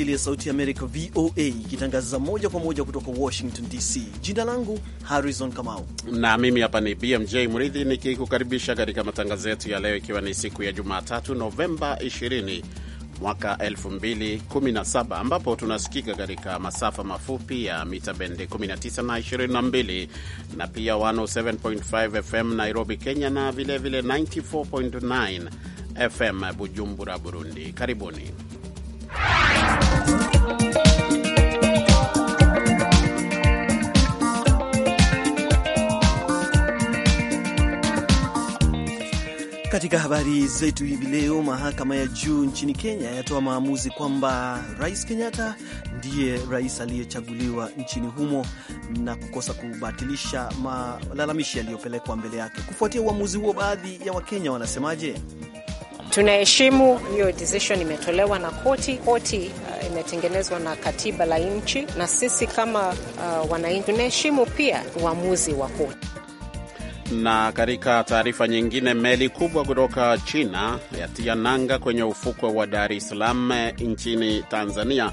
Kiswahili ya Sauti ya Amerika, VOA, ikitangaza moja kwa moja kutoka Washington DC. Jina langu Harrison Kamau na mimi hapa ni BMJ Mridhi nikikukaribisha katika matangazo yetu ya leo, ikiwa ni siku ya Jumatatu Novemba 20 mwaka 2017 ambapo tunasikika katika masafa mafupi ya mita bendi 19 na 22 na pia 107.5 FM Nairobi, Kenya na vilevile 94.9 FM Bujumbura, Burundi. Karibuni. Katika habari zetu hivi leo, mahakama ya juu nchini Kenya yatoa maamuzi kwamba Rais Kenyatta ndiye rais aliyechaguliwa nchini humo na kukosa kubatilisha malalamishi yaliyopelekwa mbele yake. Kufuatia uamuzi huo, baadhi ya Wakenya wanasemaje? tunaheshimu hiyo decision imetolewa na koti. Koti uh, imetengenezwa na katiba la nchi, na sisi kama uh, wananchi tunaheshimu pia uamuzi wa koti. Na katika taarifa nyingine, meli kubwa kutoka China yatia nanga kwenye ufukwe wa Dar es Salaam eh, nchini Tanzania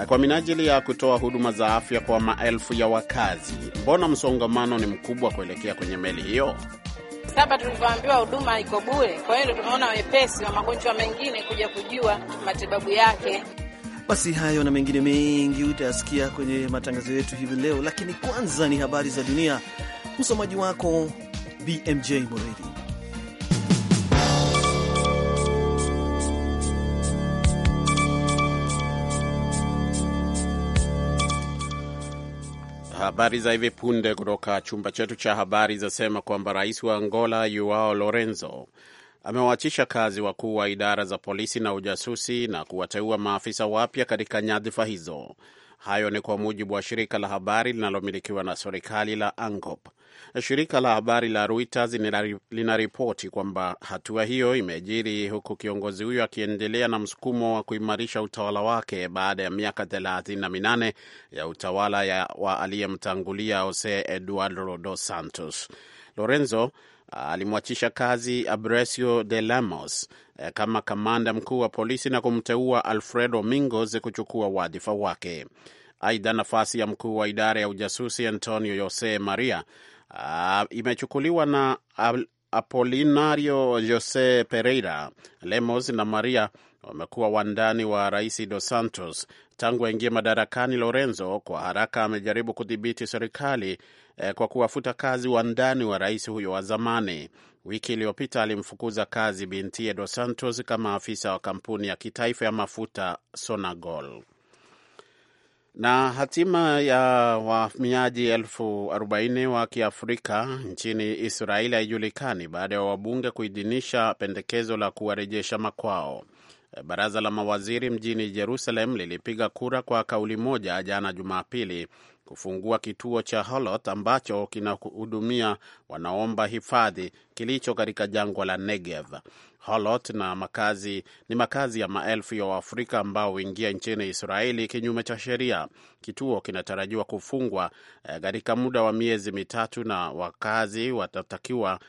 eh, kwa minajili ya kutoa huduma za afya kwa maelfu ya wakazi. Mbona msongamano ni mkubwa kuelekea kwenye meli hiyo? Saba tulivyoambiwa huduma iko bure, kwa hiyo tumeona wepesi wa magonjwa mengine kuja kujua matibabu yake. Basi hayo na mengine mengi utayasikia kwenye matangazo yetu hivi leo, lakini kwanza ni habari za dunia. Msomaji wako BMJ Moredi. Habari za hivi punde kutoka chumba chetu cha habari zasema kwamba rais wa Angola Joao Lorenzo amewaachisha kazi wakuu wa idara za polisi na ujasusi na kuwateua maafisa wapya katika nyadhifa hizo. Hayo ni kwa mujibu wa shirika la habari linalomilikiwa na serikali la ANGOP. Shirika la habari la Reuters linaripoti kwamba hatua hiyo imejiri huku kiongozi huyo akiendelea na msukumo wa kuimarisha utawala wake baada ya miaka thelathini na minane ya utawala ya wa aliyemtangulia Jose Eduardo dos Santos. Lorenzo alimwachisha kazi Abresio de Lemos eh, kama kamanda mkuu wa polisi na kumteua Alfredo Mingos kuchukua wadhifa wake. Aidha, nafasi ya mkuu wa idara ya ujasusi Antonio Jose Maria uh, imechukuliwa na Apolinario Jose Pereira. Lemos na Maria wamekuwa wandani wa rais Dos Santos tangu aingie madarakani. Lorenzo kwa haraka amejaribu kudhibiti serikali eh, kwa kuwafuta kazi wa ndani wa rais huyo wa zamani. Wiki iliyopita alimfukuza kazi bintie Dos Santos kama afisa wa kampuni ya kitaifa ya mafuta Sonangol. Na hatima ya wahamiaji elfu arobaini wa kiafrika nchini Israeli haijulikani baada ya wabunge kuidhinisha pendekezo la kuwarejesha makwao. Eh, baraza la mawaziri mjini Jerusalem lilipiga kura kwa kauli moja jana Jumapili kufungua kituo cha Holot ambacho kinahudumia wanaomba hifadhi kilicho katika jangwa la Negev. Holot na makazi, ni makazi ya maelfu ya Waafrika ambao huingia nchini Israeli kinyume cha sheria. Kituo kinatarajiwa kufungwa eh, katika muda wa miezi mitatu na wakazi watatakiwa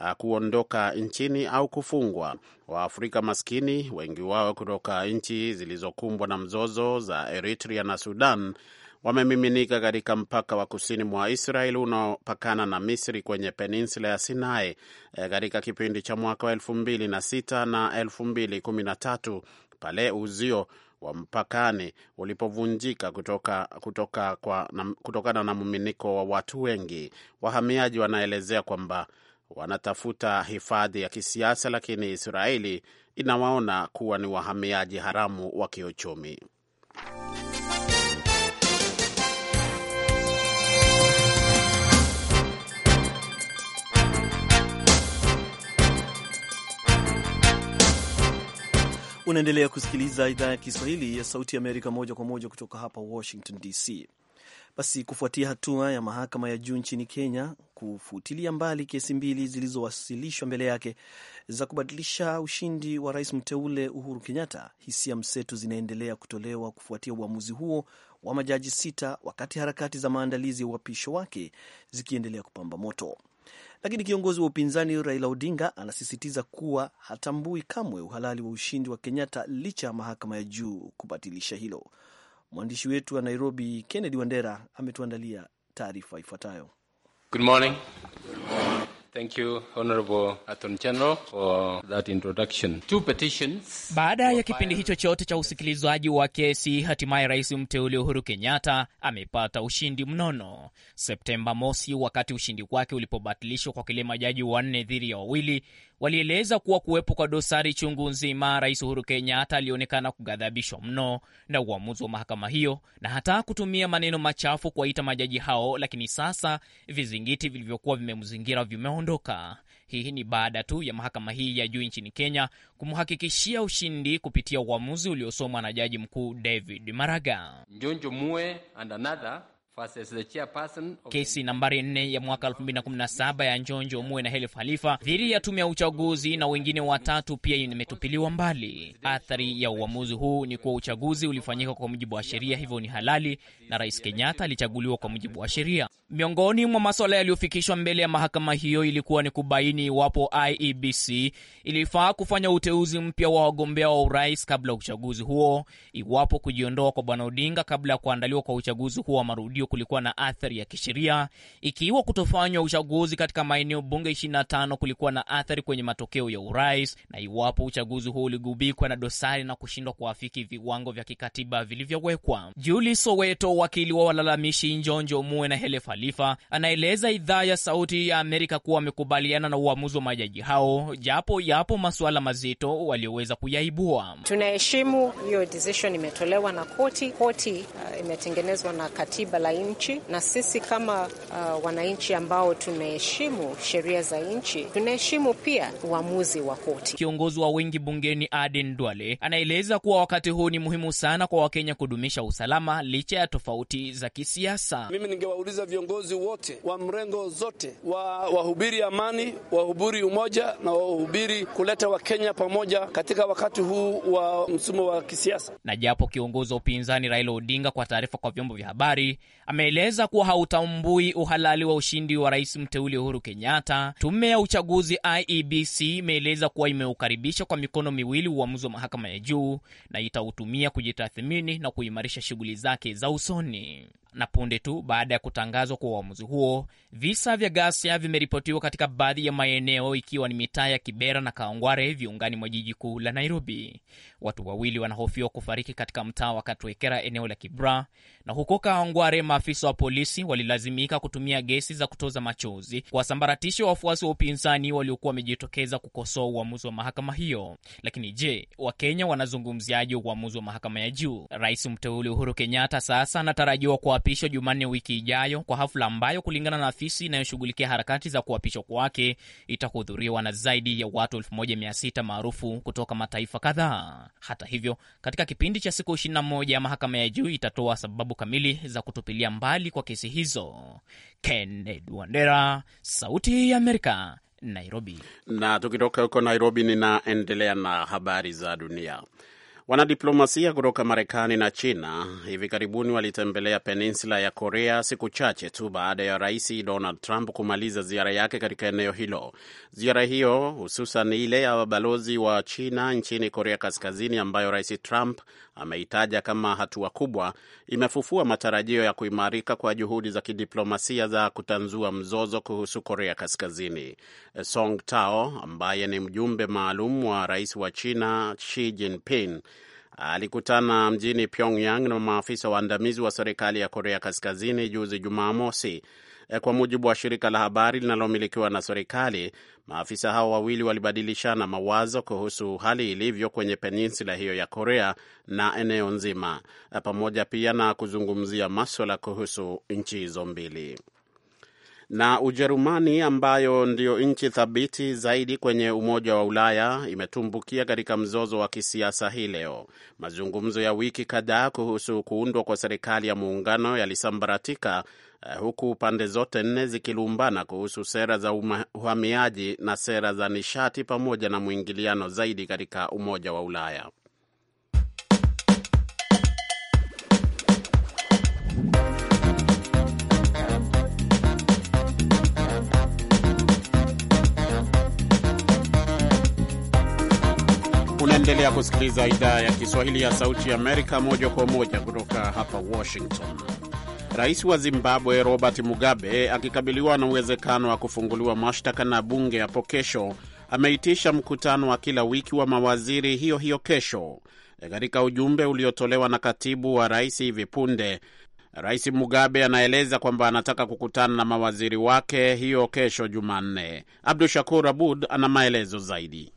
eh, kuondoka nchini au kufungwa. Waafrika maskini wengi wao kutoka nchi zilizokumbwa na mzozo za Eritrea na Sudan wamemiminika katika mpaka wa kusini mwa Israel unaopakana na Misri kwenye peninsula ya Sinai eh, katika kipindi cha mwaka wa elfu mbili na sita na elfu mbili kumi na tatu pale uzio wa mpakani ulipovunjika kutoka, kutoka kutokana na muminiko wa watu wengi. Wahamiaji wanaelezea kwamba wanatafuta hifadhi ya kisiasa, lakini Israeli inawaona kuwa ni wahamiaji haramu wa kiuchumi. Unaendelea kusikiliza idhaa ya Kiswahili ya Sauti ya Amerika moja kwa moja kutoka hapa Washington DC. Basi, kufuatia hatua ya mahakama ya juu nchini Kenya kufutilia mbali kesi mbili zilizowasilishwa mbele yake za kubadilisha ushindi wa rais mteule Uhuru Kenyatta, hisia mseto zinaendelea kutolewa kufuatia uamuzi huo wa majaji sita, wakati harakati za maandalizi ya uhapisho wake zikiendelea kupamba moto lakini kiongozi wa upinzani Raila Odinga anasisitiza kuwa hatambui kamwe uhalali wa ushindi wa Kenyatta licha ya mahakama ya juu kubatilisha hilo. Mwandishi wetu wa Nairobi, Kennedy Wandera, ametuandalia taarifa ifuatayo. Good morning. Good morning. Thank you, Honorable Attorney General, for that introduction. Two petitions. Baada ya kipindi hicho chote cha usikilizwaji wa kesi, hatimaye rais mteule Uhuru Kenyatta amepata ushindi mnono Septemba mosi, wakati ushindi wake ulipobatilishwa kwa kile majaji wanne dhidi ya wawili walieleza kuwa kuwepo kwa dosari chungu nzima, Rais Uhuru Kenyatta alionekana kughadhabishwa mno na uamuzi wa mahakama hiyo na hata kutumia maneno machafu kuwaita majaji hao, lakini sasa vizingiti vilivyokuwa vimemzingira vimeondoka. Hii ni baada tu ya mahakama hii ya juu nchini Kenya kumhakikishia ushindi kupitia uamuzi uliosomwa na Jaji Mkuu David Maraga. Njonjo Mue and another Kesi nambari 4 ya mwaka 2017 ya Njonjo Mue na Helif Halifa dhidi ya tume ya uchaguzi na wengine watatu pia imetupiliwa mbali. Athari ya uamuzi huu ni kuwa uchaguzi ulifanyika kwa mujibu wa sheria, hivyo ni halali na Rais Kenyatta alichaguliwa kwa mujibu wa sheria. Miongoni mwa masuala yaliyofikishwa mbele ya mahakama hiyo ilikuwa ni kubaini iwapo IEBC ilifaa kufanya uteuzi mpya wa wagombea wa urais kabla ya uchaguzi huo, iwapo kujiondoa kwa Bwana Odinga kabla ya kuandaliwa kwa uchaguzi huo wa marudio kulikuwa na athari ya kisheria. Ikiwa kutofanywa uchaguzi katika maeneo bunge 25 kulikuwa na athari kwenye matokeo ya urais, na iwapo uchaguzi huo uligubikwa na dosari na kushindwa kuafiki viwango vya kikatiba vilivyowekwa. juli Soweto, wakili wa walalamishi Njonjo Mue na Hele Falifa, anaeleza idhaa ya Sauti ya Amerika kuwa wamekubaliana na uamuzi wa majaji hao, japo yapo masuala mazito walioweza kuyaibua. Tunaheshimu hiyo decision imetolewa na koti. Koti uh, imetengenezwa na katiba la nchi, na sisi kama uh, wananchi ambao tunaheshimu sheria za nchi tunaheshimu pia uamuzi wa koti. Kiongozi wa wengi bungeni Aden Duale anaeleza kuwa wakati huu ni muhimu sana kwa Wakenya kudumisha usalama licha ya tofauti za kisiasa. Mimi ningewauliza viongozi wote wa mrengo zote wa wahubiri amani, wahubiri umoja na wahubiri kuleta Wakenya pamoja katika wakati huu wa msumo wa kisiasa. Na japo kiongozi wa upinzani Raila Odinga kwa taarifa kwa vyombo vya habari ameeleza kuwa hautambui uhalali wa ushindi wa rais mteuli Uhuru Kenyatta. Tume ya uchaguzi IEBC imeeleza kuwa imeukaribisha kwa mikono miwili uamuzi wa mahakama ya juu na itautumia kujitathmini na kuimarisha shughuli zake za usoni na punde tu baada ya kutangazwa kwa uamuzi huo, visa vya ghasia vimeripotiwa katika baadhi ya maeneo ikiwa ni mitaa ya Kibera na Kaongware viungani mwa jiji kuu la Nairobi. Watu wawili wanahofiwa kufariki katika mtaa wa Katwekera eneo la Kibra, na huko Kaongware maafisa wa polisi walilazimika kutumia gesi za kutoza machozi kuwasambaratisha wafuasi wa upinzani waliokuwa wamejitokeza kukosoa uamuzi wa mahakama hiyo. Lakini je, Wakenya wanazungumziaje uamuzi wa mahakama ya juu? Rais mteule Uhuru Kenyatta sasa anatarajiwa kuapishwa Jumanne wiki ijayo kwa hafla ambayo kulingana na afisi inayoshughulikia harakati za kuapishwa kwake itahudhuriwa na zaidi ya watu 1600 maarufu kutoka mataifa kadhaa. Hata hivyo, katika kipindi cha siku 21 mahakama ya juu itatoa sababu kamili za kutupilia mbali kwa kesi hizo. Kennedy Wandera, Sauti ya Amerika, Nairobi. Na tukitoka huko Nairobi, ninaendelea na habari za dunia. Wanadiplomasia kutoka Marekani na China hivi karibuni walitembelea peninsula ya Korea siku chache tu baada ya Rais Donald Trump kumaliza ziara yake katika eneo hilo. Ziara hiyo hususan ile ya wabalozi wa China nchini Korea Kaskazini, ambayo Rais Trump ameitaja kama hatua kubwa, imefufua matarajio ya kuimarika kwa juhudi za kidiplomasia za kutanzua mzozo kuhusu Korea Kaskazini. Song Tao ambaye ni mjumbe maalum wa rais wa China Xi Jinping alikutana mjini Pyongyang na maafisa waandamizi wa serikali ya Korea Kaskazini juzi Jumamosi. E, kwa mujibu wa shirika la habari linalomilikiwa na serikali, maafisa hao wawili walibadilishana mawazo kuhusu hali ilivyo kwenye peninsula hiyo ya Korea na eneo nzima, e, pamoja pia na kuzungumzia maswala kuhusu nchi hizo mbili na Ujerumani ambayo ndio nchi thabiti zaidi kwenye Umoja wa Ulaya imetumbukia katika mzozo wa kisiasa hii leo. Mazungumzo ya wiki kadhaa kuhusu kuundwa kwa serikali ya muungano yalisambaratika eh, huku pande zote nne zikilumbana kuhusu sera za uhamiaji na sera za nishati pamoja na mwingiliano zaidi katika Umoja wa Ulaya. Unaendelea kusikiliza idhaa ya Kiswahili ya Sauti ya Amerika moja kwa moja kutoka hapa Washington. Rais wa Zimbabwe Robert Mugabe akikabiliwa na uwezekano wa kufunguliwa mashtaka na bunge hapo kesho, ameitisha mkutano wa kila wiki wa mawaziri hiyo hiyo kesho. Katika ujumbe uliotolewa na katibu wa rais hivi punde, Rais Mugabe anaeleza kwamba anataka kukutana na mawaziri wake hiyo kesho Jumanne. Abdu Shakur Abud ana maelezo zaidi.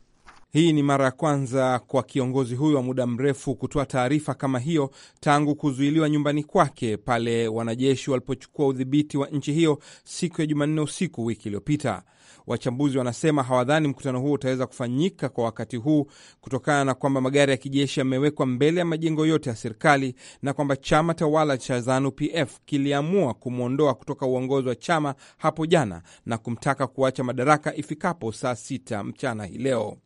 Hii ni mara ya kwanza kwa kiongozi huyo wa muda mrefu kutoa taarifa kama hiyo tangu kuzuiliwa nyumbani kwake pale wanajeshi walipochukua udhibiti wa nchi hiyo siku ya Jumanne usiku wiki iliyopita. Wachambuzi wanasema hawadhani mkutano huo utaweza kufanyika kwa wakati huu kutokana na kwamba magari ya kijeshi yamewekwa mbele ya majengo yote ya serikali na kwamba chama tawala cha Zanu-PF kiliamua kumwondoa kutoka uongozi wa chama hapo jana na kumtaka kuacha madaraka ifikapo saa sita mchana hii leo.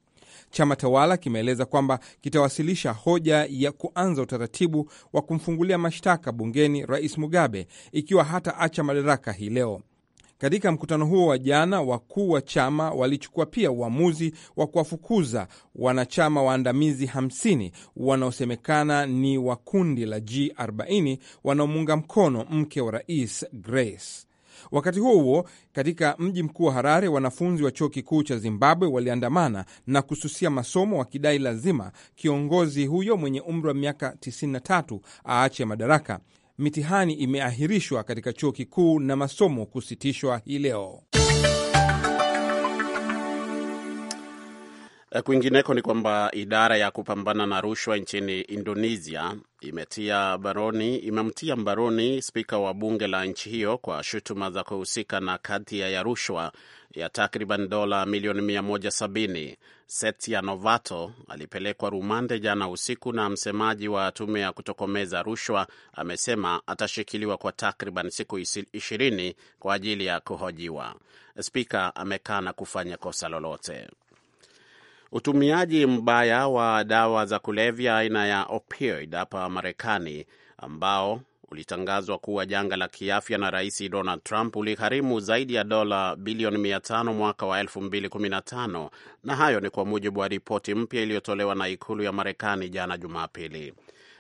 Chama tawala kimeeleza kwamba kitawasilisha hoja ya kuanza utaratibu wa kumfungulia mashtaka bungeni Rais Mugabe ikiwa hata acha madaraka hii leo. Katika mkutano huo wa jana, wakuu wa chama walichukua pia uamuzi wa kuwafukuza wanachama waandamizi 50 wanaosemekana ni wa kundi la G40 wanaomuunga mkono mke wa rais Grace. Wakati huo huo, katika mji mkuu wa Harare, wanafunzi wa chuo kikuu cha Zimbabwe waliandamana na kususia masomo wakidai lazima kiongozi huyo mwenye umri wa miaka 93 aache madaraka. Mitihani imeahirishwa katika chuo kikuu na masomo kusitishwa hii leo. Eh, kwingineko ni kwamba idara ya kupambana na rushwa nchini Indonesia imetia baroni, imemtia mbaroni spika wa bunge la nchi hiyo kwa shutuma za kuhusika na kadhia ya rushwa ya takriban dola milioni 170. Setia Novato alipelekwa rumande jana usiku, na msemaji wa tume ya kutokomeza rushwa amesema atashikiliwa kwa takriban siku ishirini kwa ajili ya kuhojiwa. Spika amekana kufanya kosa lolote. Utumiaji mbaya wa dawa za kulevya aina ya opioid hapa Marekani, ambao ulitangazwa kuwa janga la kiafya na Rais Donald Trump, uligharimu zaidi ya dola bilioni 500 mwaka wa 2015, na hayo ni kwa mujibu wa ripoti mpya iliyotolewa na ikulu ya Marekani jana Jumapili.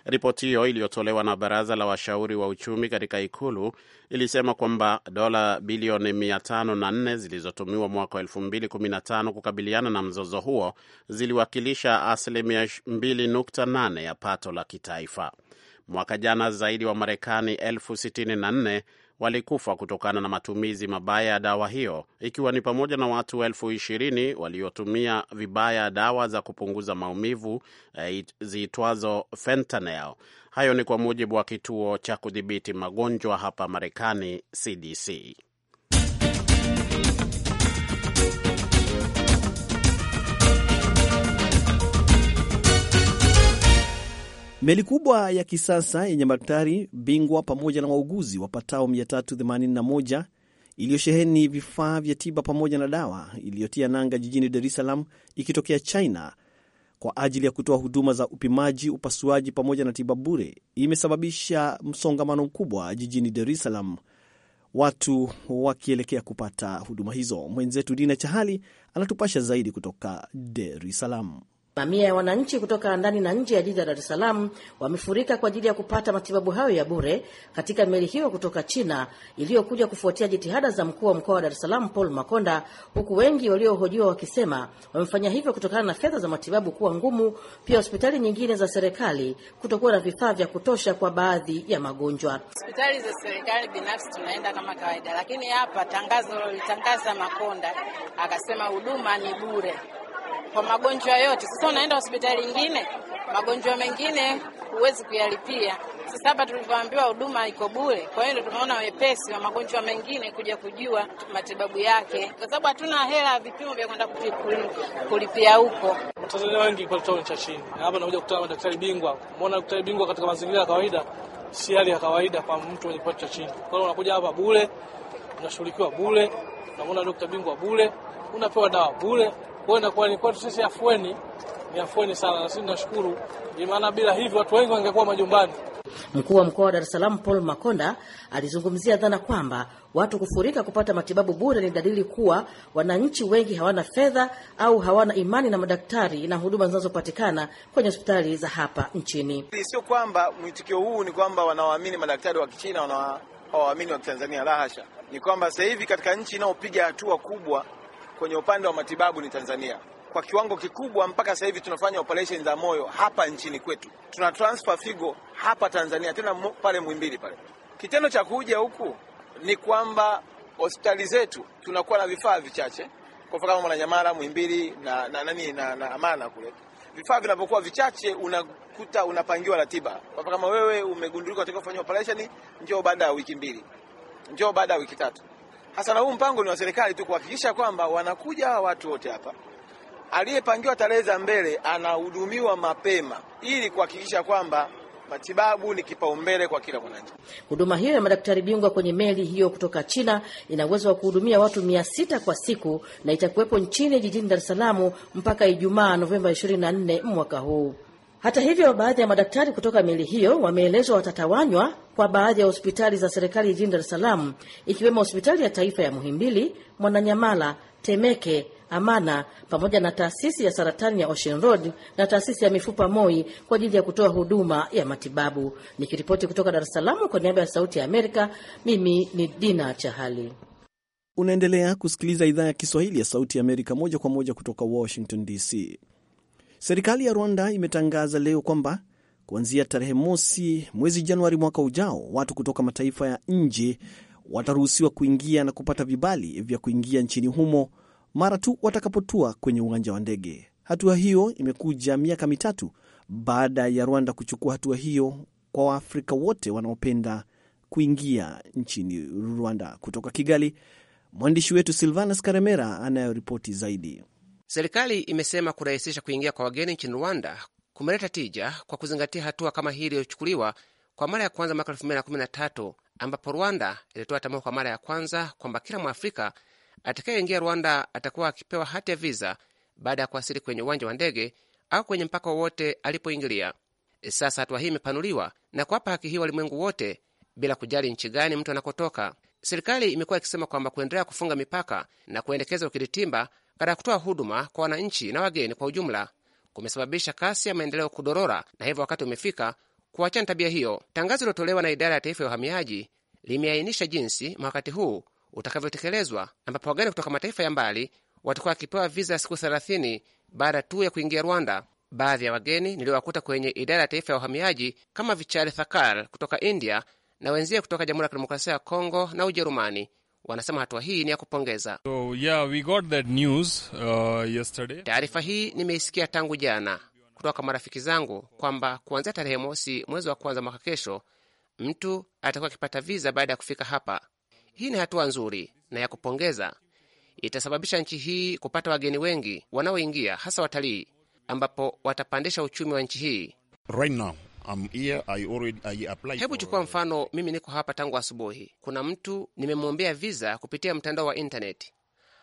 Ripoti hiyo iliyotolewa na baraza la washauri wa uchumi katika ikulu ilisema kwamba dola bilioni 504 zilizotumiwa mwaka 2015 kukabiliana na mzozo huo ziliwakilisha asilimia 2.8 ya pato la kitaifa. Mwaka jana zaidi wa Marekani elfu walikufa kutokana na matumizi mabaya ya dawa hiyo, ikiwa ni pamoja na watu elfu ishirini waliotumia vibaya dawa za kupunguza maumivu eh, ziitwazo fentanyl. Hayo ni kwa mujibu wa kituo cha kudhibiti magonjwa hapa Marekani, CDC. Meli kubwa ya kisasa yenye maktari bingwa pamoja na wauguzi wapatao 381 iliyosheheni vifaa vya tiba pamoja na dawa iliyotia nanga jijini Dar es Salaam ikitokea China kwa ajili ya kutoa huduma za upimaji, upasuaji pamoja na tiba bure imesababisha msongamano mkubwa jijini Dar es Salaam, watu wakielekea kupata huduma hizo. Mwenzetu Dina Chahali anatupasha zaidi kutoka Dar es Salaam. Mamia ya wananchi kutoka ndani na nje ya jiji la Dar es Salaam wamefurika kwa ajili ya kupata matibabu hayo ya bure katika meli hiyo kutoka China iliyokuja kufuatia jitihada za mkuu wa mkoa wa Dar es Salaam Paul Makonda, huku wengi waliohojiwa wakisema wamefanya hivyo kutokana na fedha za matibabu kuwa ngumu, pia hospitali nyingine za serikali kutokuwa na vifaa vya kutosha kwa baadhi ya magonjwa. Hospitali za serikali binafsi tunaenda kama kawaida, lakini hapa tangazo lolitangaza Makonda akasema huduma ni bure kwa magonjwa yote. Sasa unaenda hospitali nyingine, magonjwa mengine huwezi kuyalipia. Sasa hapa tulivyoambiwa huduma iko bure, kwa hiyo ndio tunaona wepesi wa magonjwa mengine kuja kujua matibabu yake, kwa sababu hatuna hela ya vipimo vya kwenda kulipia huko. Watanzania wengi kwa kiwango cha chini, hapa nakuja kutana na daktari bingwa. Umeona daktari bingwa katika mazingira ya kawaida si hali ya kawaida kwa mtu mwenye kipato cha chini. Kwa hiyo unakuja hapa bure, unashughulikiwa bure, unamwona daktari bingwa bure, unapewa dawa bure. Kwa inakuwa ni kwetu sisi afueni, ni afueni sana, na sisi tunashukuru, maana bila hivyo watu wengi wangekuwa majumbani. Mkuu wa mkoa wa Dar es Salaam Paul Makonda alizungumzia dhana kwamba watu kufurika kupata matibabu bure ni dalili kuwa wananchi wengi hawana fedha au hawana imani na madaktari na huduma zinazopatikana kwenye hospitali za hapa nchini. Sio kwamba mwitikio huu ni kwamba wanawaamini madaktari wa Kichina, wanawaamini wa Kitanzania, lahasha. Ni kwamba sasa hivi katika nchi inayopiga hatua kubwa kwenye upande wa matibabu ni Tanzania kwa kiwango kikubwa. Mpaka sasa hivi tunafanya operation za moyo hapa nchini kwetu, tuna transfer figo hapa Tanzania, tena pale Muhimbili pale. Kitendo cha kuja huku ni kwamba hospitali zetu tunakuwa na vifaa vichache, kwa mfano kama Mwananyamala, Muhimbili na na, nani, na na Amana kule, vifaa vinapokuwa vichache unakuta unapangiwa ratiba, kwa mfano kama wewe umegundulika unataka kufanya operation, njoo baada ya wiki mbili, njoo baada ya wiki tatu. Sasa na huu mpango ni wa serikali tu kuhakikisha kwamba wanakuja hawa watu wote hapa, aliyepangiwa tarehe za mbele anahudumiwa mapema ili kuhakikisha kwamba matibabu ni kipaumbele kwa kila mwananchi. Huduma hiyo ya madaktari bingwa kwenye meli hiyo kutoka China ina uwezo wa kuhudumia watu mia sita kwa siku na itakuwepo nchini jijini Dar es Salaam mpaka Ijumaa Novemba 24 mwaka huu. Hata hivyo, baadhi ya madaktari kutoka meli hiyo wameelezwa watatawanywa kwa baadhi ya hospitali za serikali jijini Dar es Salaam, ikiwemo hospitali ya taifa ya Muhimbili, Mwananyamala, Temeke, Amana pamoja na taasisi ya saratani ya Ocean Road na taasisi ya mifupa MOI kwa ajili ya kutoa huduma ya matibabu. Nikiripoti kutoka Dar es Salaam kwa niaba ya Sauti ya Amerika, mimi ni Dina Chahali. Unaendelea kusikiliza idhaa ya Kiswahili ya Sauti ya Amerika moja kwa moja kutoka Washington DC. Serikali ya Rwanda imetangaza leo kwamba kuanzia tarehe mosi mwezi Januari mwaka ujao, watu kutoka mataifa ya nje wataruhusiwa kuingia na kupata vibali vya kuingia nchini humo mara tu watakapotua kwenye uwanja wa ndege. Hatua hiyo imekuja miaka mitatu baada ya Rwanda kuchukua hatua hiyo kwa Waafrika wote wanaopenda kuingia nchini Rwanda. Kutoka Kigali, mwandishi wetu Silvanus Karemera anayoripoti zaidi. Serikali imesema kurahisisha kuingia kwa wageni nchini Rwanda kumeleta tija kwa kuzingatia hatua kama hii iliyochukuliwa kwa mara ya kwanza mwaka tatu ambapo Rwanda ilitoa tamko kwa mara ya kwanza kwamba kila Mwafrika atakayeingia Rwanda atakuwa akipewa hati ya viza baada ya kuwasili kwenye uwanja wa ndege au kwenye mpaka wowote alipoingilia. Sasa hatua hii imepanuliwa na kuwapa haki hii walimwengu wote bila kujali nchi gani mtu anakotoka. Serikali imekuwa ikisema kwamba kuendelea kufunga mipaka na kuendekeza ukiritimba katika kutoa huduma kwa wananchi na wageni kwa ujumla kumesababisha kasi ya maendeleo kudorora, na hivyo wakati umefika kuachana tabia hiyo. Tangazo lilotolewa na idara ya taifa ya uhamiaji limeainisha jinsi wakati huu utakavyotekelezwa, ambapo wageni kutoka mataifa ya mbali watakuwa wakipewa viza ya siku 30 baada tu ya kuingia Rwanda. Baadhi ya wageni niliowakuta kwenye idara ya taifa ya uhamiaji kama Vichari Thakar kutoka India na wenzie kutoka Jamhuri ya Kidemokrasia ya Kongo na Ujerumani wanasema hatua hii ni ya kupongeza. So, yeah, we got that news, uh, yesterday. Taarifa hii nimeisikia tangu jana kutoka kwa marafiki zangu kwamba kuanzia tarehe mosi mwezi wa kwanza mwaka kesho mtu atakuwa akipata viza baada ya kufika hapa. Hii ni hatua nzuri na ya kupongeza, itasababisha nchi hii kupata wageni wengi wanaoingia, hasa watalii, ambapo watapandisha uchumi wa nchi hii right now. Hebu chukua mfano, mimi niko hapa tangu asubuhi. Kuna mtu nimemwombea viza kupitia mtandao wa intaneti.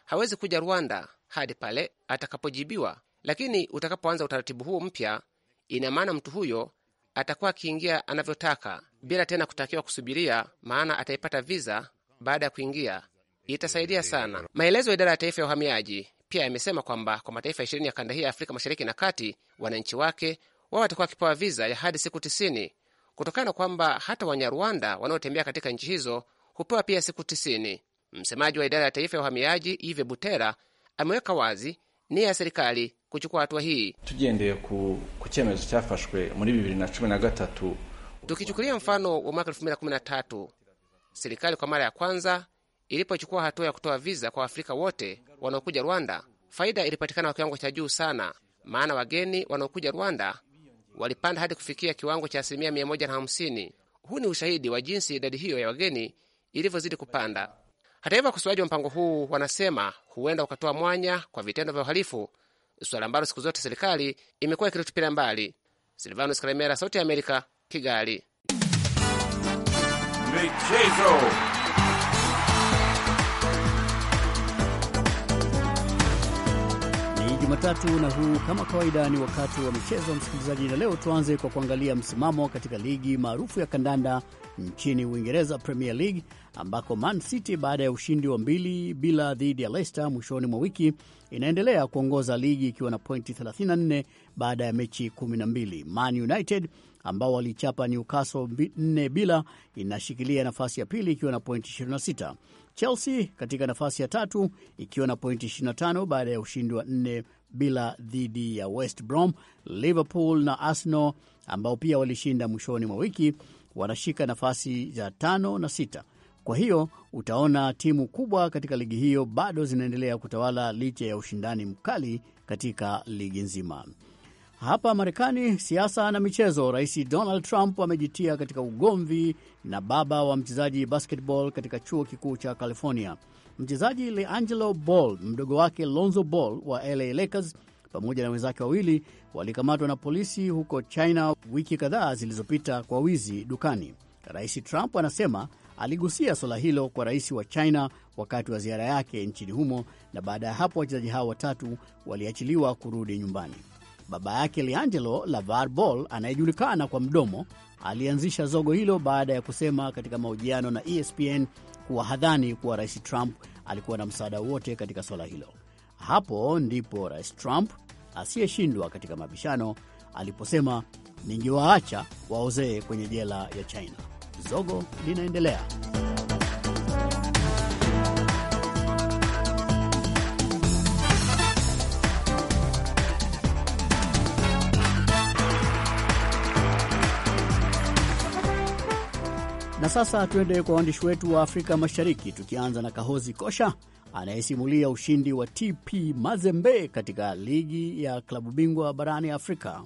Hawezi kuja Rwanda hadi pale atakapojibiwa, lakini utakapoanza utaratibu huo mpya, ina maana mtu huyo atakuwa akiingia anavyotaka bila tena kutakiwa kusubiria, maana ataipata viza baada ya kuingia. Itasaidia sana. Maelezo ya idara ya taifa ya uhamiaji pia yamesema kwamba kwa mataifa ishirini ya kanda hii ya Afrika Mashariki na Kati, wananchi wake wao watakuwa wakipewa viza ya hadi siku tisini kutokana na kwamba hata Wanyarwanda wanaotembea katika nchi hizo hupewa pia siku tisini. Msemaji wa idara ya taifa ya uhamiaji Ive Butera ameweka wazi nia ya serikali kuchukua hatua hii. tugendeye ku chemezo chafashwe muri bibiri na cumi na gatatu, tukichukulia mfano wa mwaka elfu mbili na kumi na tatu serikali kwa mara ya kwanza ilipochukua hatua ya kutoa viza kwa Waafrika wote wanaokuja Rwanda, faida ilipatikana kwa kiwango cha juu sana, maana wageni wanaokuja Rwanda walipanda hadi kufikia kiwango cha asilimia 150. Huu ni ushahidi wa jinsi idadi hiyo ya wageni ilivyozidi kupanda. Hata hivyo, wakosoaji wa mpango huu wanasema huenda ukatoa mwanya kwa vitendo vya uhalifu, suala ambalo siku zote serikali imekuwa ikilitupilia mbali. Silvanus Karemera, Sauti ya Amerika, Kigali. Michezo. Jumatatu, na huu kama kawaida ni wakati wa michezo, wa msikilizaji, na leo tuanze kwa kuangalia msimamo katika ligi maarufu ya kandanda nchini Uingereza, Premier League, ambako Man City baada ya ushindi wa mbili bila dhidi ya Leicester mwishoni mwa wiki inaendelea kuongoza ligi ikiwa na pointi 34 baada ya mechi 12. Man United ambao walichapa Newcastle 4 bila inashikilia nafasi ya pili ikiwa na pointi 26. Chelsea katika nafasi ya tatu ikiwa na pointi 25 baada ya ushindi wa 4 bila dhidi ya West Brom. Liverpool na Arsenal ambao pia walishinda mwishoni mwa wiki wanashika nafasi za tano na sita. Kwa hiyo utaona timu kubwa katika ligi hiyo bado zinaendelea kutawala licha ya ushindani mkali katika ligi nzima. Hapa Marekani, siasa na michezo. Rais Donald Trump amejitia katika ugomvi na baba wa mchezaji basketball katika chuo kikuu cha California mchezaji LeAngelo Ball mdogo wake Lonzo Ball wa LA Lakers pamoja na wenzake wawili walikamatwa na polisi huko China wiki kadhaa zilizopita kwa wizi dukani. Rais Trump anasema aligusia suala hilo kwa rais wa China wakati wa ziara yake nchini humo, na baada ya hapo wachezaji hao watatu waliachiliwa kurudi nyumbani. Baba yake leangelo LaVar Ball, anayejulikana kwa mdomo, alianzisha zogo hilo baada ya kusema katika mahojiano na ESPN kuwa hadhani kuwa Rais Trump alikuwa na msaada wote katika swala hilo. Hapo ndipo Rais Trump asiyeshindwa katika mabishano aliposema, ningewaacha waozee kwenye jela ya China. Zogo linaendelea. Na sasa tuende kwa waandishi wetu wa Afrika Mashariki, tukianza na Kahozi Kosha anayesimulia ushindi wa TP Mazembe katika ligi ya klabu bingwa barani Afrika.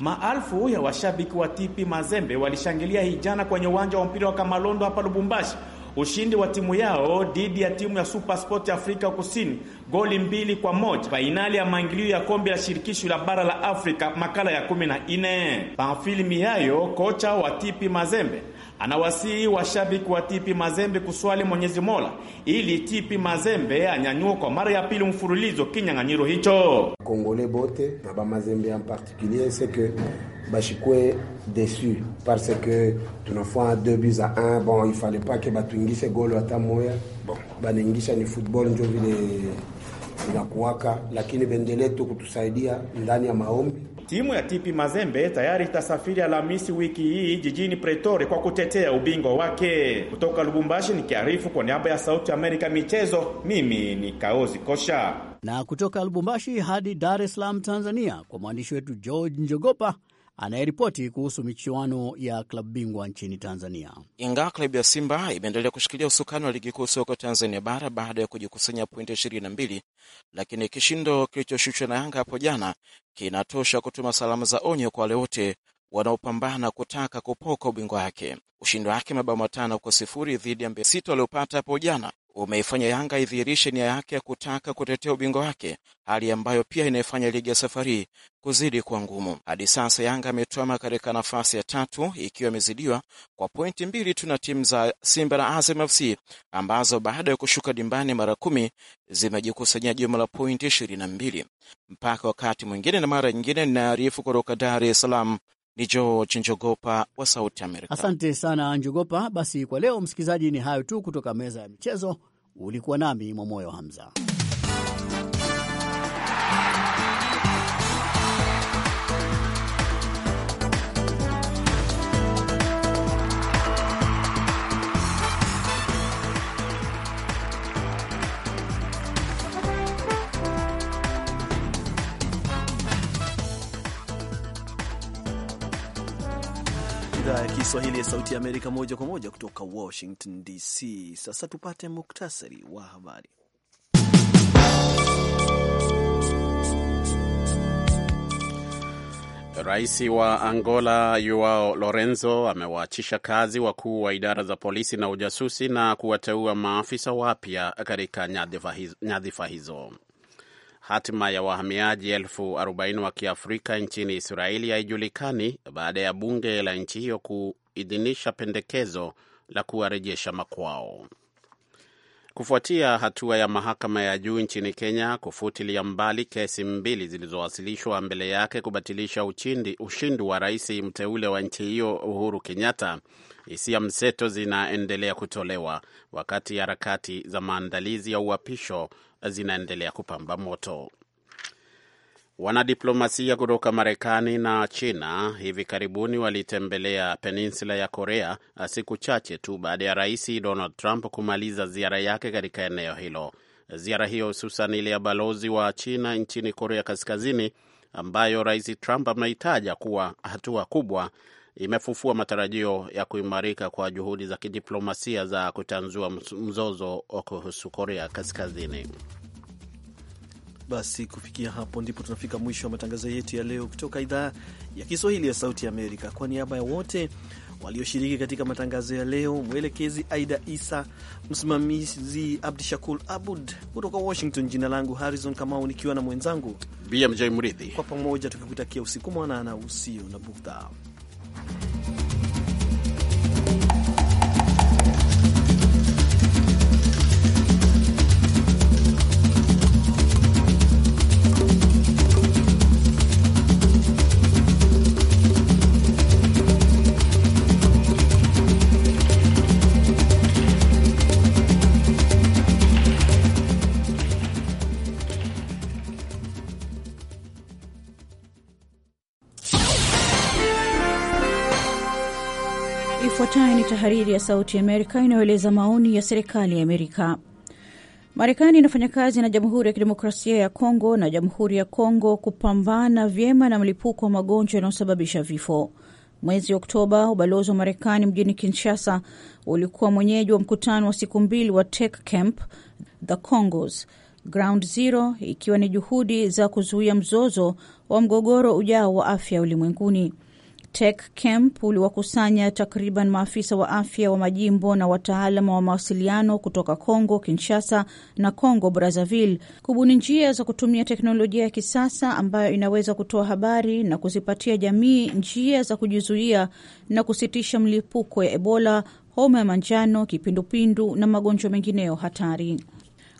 Maelfu ya washabiki wa TP Mazembe walishangilia hii jana kwenye uwanja wa mpira wa Kamalondo hapa Lubumbashi ushindi wa timu yao dhidi ya timu ya Supersport Afrika Kusini goli mbili kwa moja fainali ya maingilio ya kombe la shirikisho la bara la Afrika makala ya 14. Pamfili Mihayo kocha wa Tipi Mazembe Anawasihi washabiki wa Tipi Mazembe kuswali Mwenyezi Mola ili Tipi Mazembe anyanyue kwa mara ya pili mfululizo kinyang'anyiro hicho. Kongole bote na bamazembe en particulier c'est que bashikwe desu parce que tunafua deux buts à un. Bon, il fallait pas que batuingishe golo hata moya. Bon, banaingisha ni football njo vile inakuwaka, lakini bendele tu kutusaidia ndani ya maombi Timu ya TP Mazembe tayari itasafiri Alhamisi wiki hii jijini Pretoria kwa kutetea ubingwa wake. Kutoka Lubumbashi nikiarifu kwa niaba ya Sauti ya Amerika michezo, mimi ni Kaozi Kosha. Na kutoka Lubumbashi hadi Dar es Salaam Tanzania, kwa mwandishi wetu George Njogopa anayeripoti kuhusu michuano ya klabu bingwa nchini Tanzania. Ingawa klabu ya Simba imeendelea kushikilia usukani wa ligi kuu soka Tanzania bara baada ya kujikusanya pointi 22, lakini kishindo kilichoshushwa na Yanga hapo jana kinatosha kutuma salamu za onyo kwa wale wote wanaopambana kutaka kupoka ubingwa wake. Ushindi wake mabao matano kwa sifuri dhidi ya mbesito waliopata hapo jana umeifanya Yanga idhihirishe nia yake ya kutaka kutetea ubingwa wake, hali ambayo pia inaifanya ligi ya safari kuzidi kuwa ngumu. Hadi sasa Yanga ametwama katika nafasi ya tatu ikiwa imezidiwa kwa pointi mbili tu na timu za Simba na Azam FC ambazo baada ya kushuka dimbani mara kumi zimejikusanyia jumla la pointi ishirini na mbili. Mpaka wakati mwingine na mara nyingine, ninaarifu kutoka Dar es Salaam, George Njogopa wa Sauti Amerika. Asante sana Njogopa. Basi kwa leo, msikilizaji, ni hayo tu kutoka meza ya michezo. Ulikuwa nami Mwamoyo Hamza. idhaa ya Kiswahili ya Sauti ya Amerika, moja kwa moja kutoka Washington DC. Sasa tupate muktasari wa habari. Rais wa Angola Joao Lorenzo amewaachisha kazi wakuu wa idara za polisi na ujasusi na kuwateua maafisa wapya katika nyadhifa hizo. Hatima ya wahamiaji elfu arobaini wa kiafrika nchini Israeli haijulikani baada ya bunge la nchi hiyo kuidhinisha pendekezo la kuwarejesha makwao. Kufuatia hatua ya mahakama ya juu nchini Kenya kufutilia mbali kesi mbili zilizowasilishwa mbele yake kubatilisha uchindi, ushindi wa rais mteule wa nchi hiyo Uhuru Kenyatta, hisia mseto zinaendelea kutolewa wakati harakati za maandalizi ya uapisho zinaendelea kupamba moto. Wanadiplomasia kutoka Marekani na China hivi karibuni walitembelea peninsula ya Korea ah, siku chache tu baada ya Rais Donald Trump kumaliza ziara yake katika eneo hilo. Ziara hiyo hususan ile ya balozi wa China nchini Korea Kaskazini, ambayo Rais Trump ameitaja kuwa hatua kubwa imefufua matarajio ya kuimarika kwa juhudi za kidiplomasia za kutanzua mzozo wa kuhusu Korea Kaskazini. Basi kufikia hapo ndipo tunafika mwisho wa matangazo yetu ya leo kutoka idhaa ya Kiswahili ya Sauti Amerika. Kwa niaba ya wote walioshiriki katika matangazo ya leo, mwelekezi Aida Isa, msimamizi Abdi Shakur Abud kutoka Washington. Jina langu Harrison Kamau, nikiwa na mwenzangu BMJ Mridhi, kwa pamoja tukikutakia usiku mwanana usio na bughudha. Tahariri ya Sauti ya Amerika inayoeleza maoni ya serikali ya Amerika. Marekani inafanya kazi na Jamhuri ya Kidemokrasia ya Kongo na Jamhuri ya Kongo kupambana vyema na mlipuko wa magonjwa yanayosababisha vifo. Mwezi Oktoba, ubalozi wa Marekani mjini Kinshasa ulikuwa mwenyeji wa mkutano wa siku mbili wa Tech Camp the Congos Ground Zero, ikiwa ni juhudi za kuzuia mzozo wa mgogoro ujao wa afya ulimwenguni. Tech Camp uliwakusanya takriban maafisa wa afya wa majimbo na wataalamu wa mawasiliano kutoka Congo Kinshasa na Congo Brazzaville kubuni njia za kutumia teknolojia ya kisasa ambayo inaweza kutoa habari na kuzipatia jamii njia za kujizuia na kusitisha mlipuko ya Ebola, homa ya manjano, kipindupindu na magonjwa mengineyo hatari.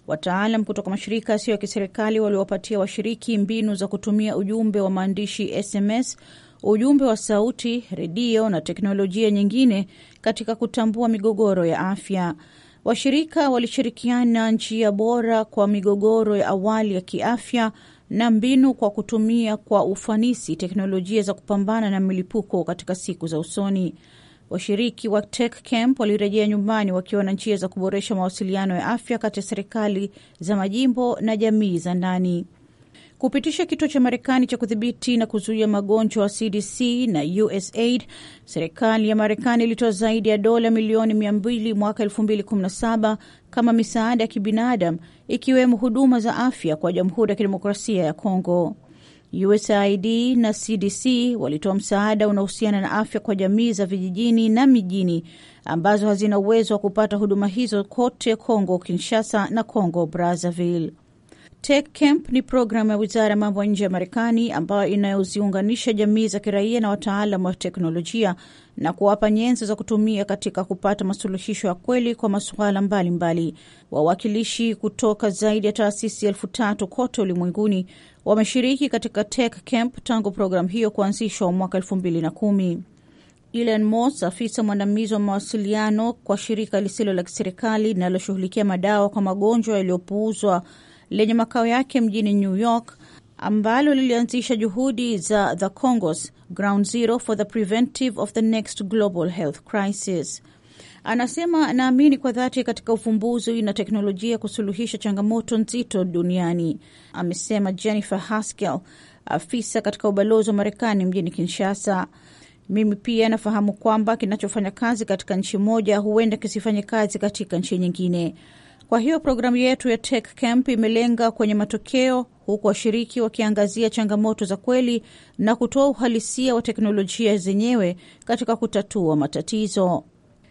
Wataalam kutoka mashirika yasiyo ya kiserikali waliwapatia washiriki mbinu za kutumia ujumbe wa maandishi SMS ujumbe wa sauti, redio na teknolojia nyingine katika kutambua migogoro ya afya. Washirika walishirikiana njia bora kwa migogoro ya awali ya kiafya na mbinu kwa kutumia kwa ufanisi teknolojia za kupambana na milipuko katika siku za usoni. Washiriki wa Tech Camp walirejea nyumbani wakiwa na njia za kuboresha mawasiliano ya afya kati ya serikali za majimbo na jamii za ndani kupitisha kituo cha Marekani cha kudhibiti na kuzuia magonjwa CDC na USAID, serikali ya Marekani ilitoa zaidi ya dola milioni 200 mwaka 2017 kama misaada ya kibinadamu, ikiwemo huduma za afya kwa Jamhuri ya Kidemokrasia ya Kongo. USAID na CDC walitoa msaada unaohusiana na afya kwa jamii za vijijini na mijini ambazo hazina uwezo wa kupata huduma hizo kote Kongo Kinshasa na Kongo Brazzaville. Tech Camp ni programu ya wizara ya mambo ya nje ya Marekani ambayo inayoziunganisha jamii za kiraia na wataalam wa teknolojia na kuwapa nyenzo za kutumia katika kupata masuluhisho ya kweli kwa masuala mbalimbali. Wawakilishi kutoka zaidi ya taasisi elfu tatu kote ulimwenguni wameshiriki katika Tech Camp tangu programu hiyo kuanzishwa mwaka elfu mbili na kumi. Ilan Moss, afisa mwandamizi wa mawasiliano kwa shirika lisilo la kiserikali linaloshughulikia madawa kwa magonjwa yaliyopuuzwa lenye makao yake mjini New York ambalo lilianzisha juhudi za the Congos ground zero for the preventive of the next global health crisis. Anasema, naamini kwa dhati katika ufumbuzi na teknolojia kusuluhisha changamoto nzito duniani, amesema Jennifer Haskell, afisa katika ubalozi wa Marekani mjini Kinshasa. Mimi pia nafahamu kwamba kinachofanya kazi katika nchi moja huenda kisifanye kazi katika nchi nyingine. Kwa hiyo programu yetu ya Tech Camp imelenga kwenye matokeo, huku washiriki wakiangazia changamoto za kweli na kutoa uhalisia wa teknolojia zenyewe katika kutatua matatizo.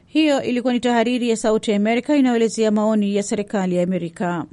Hiyo ilikuwa ni tahariri ya Sauti ya Amerika inayoelezea maoni ya serikali ya Amerika.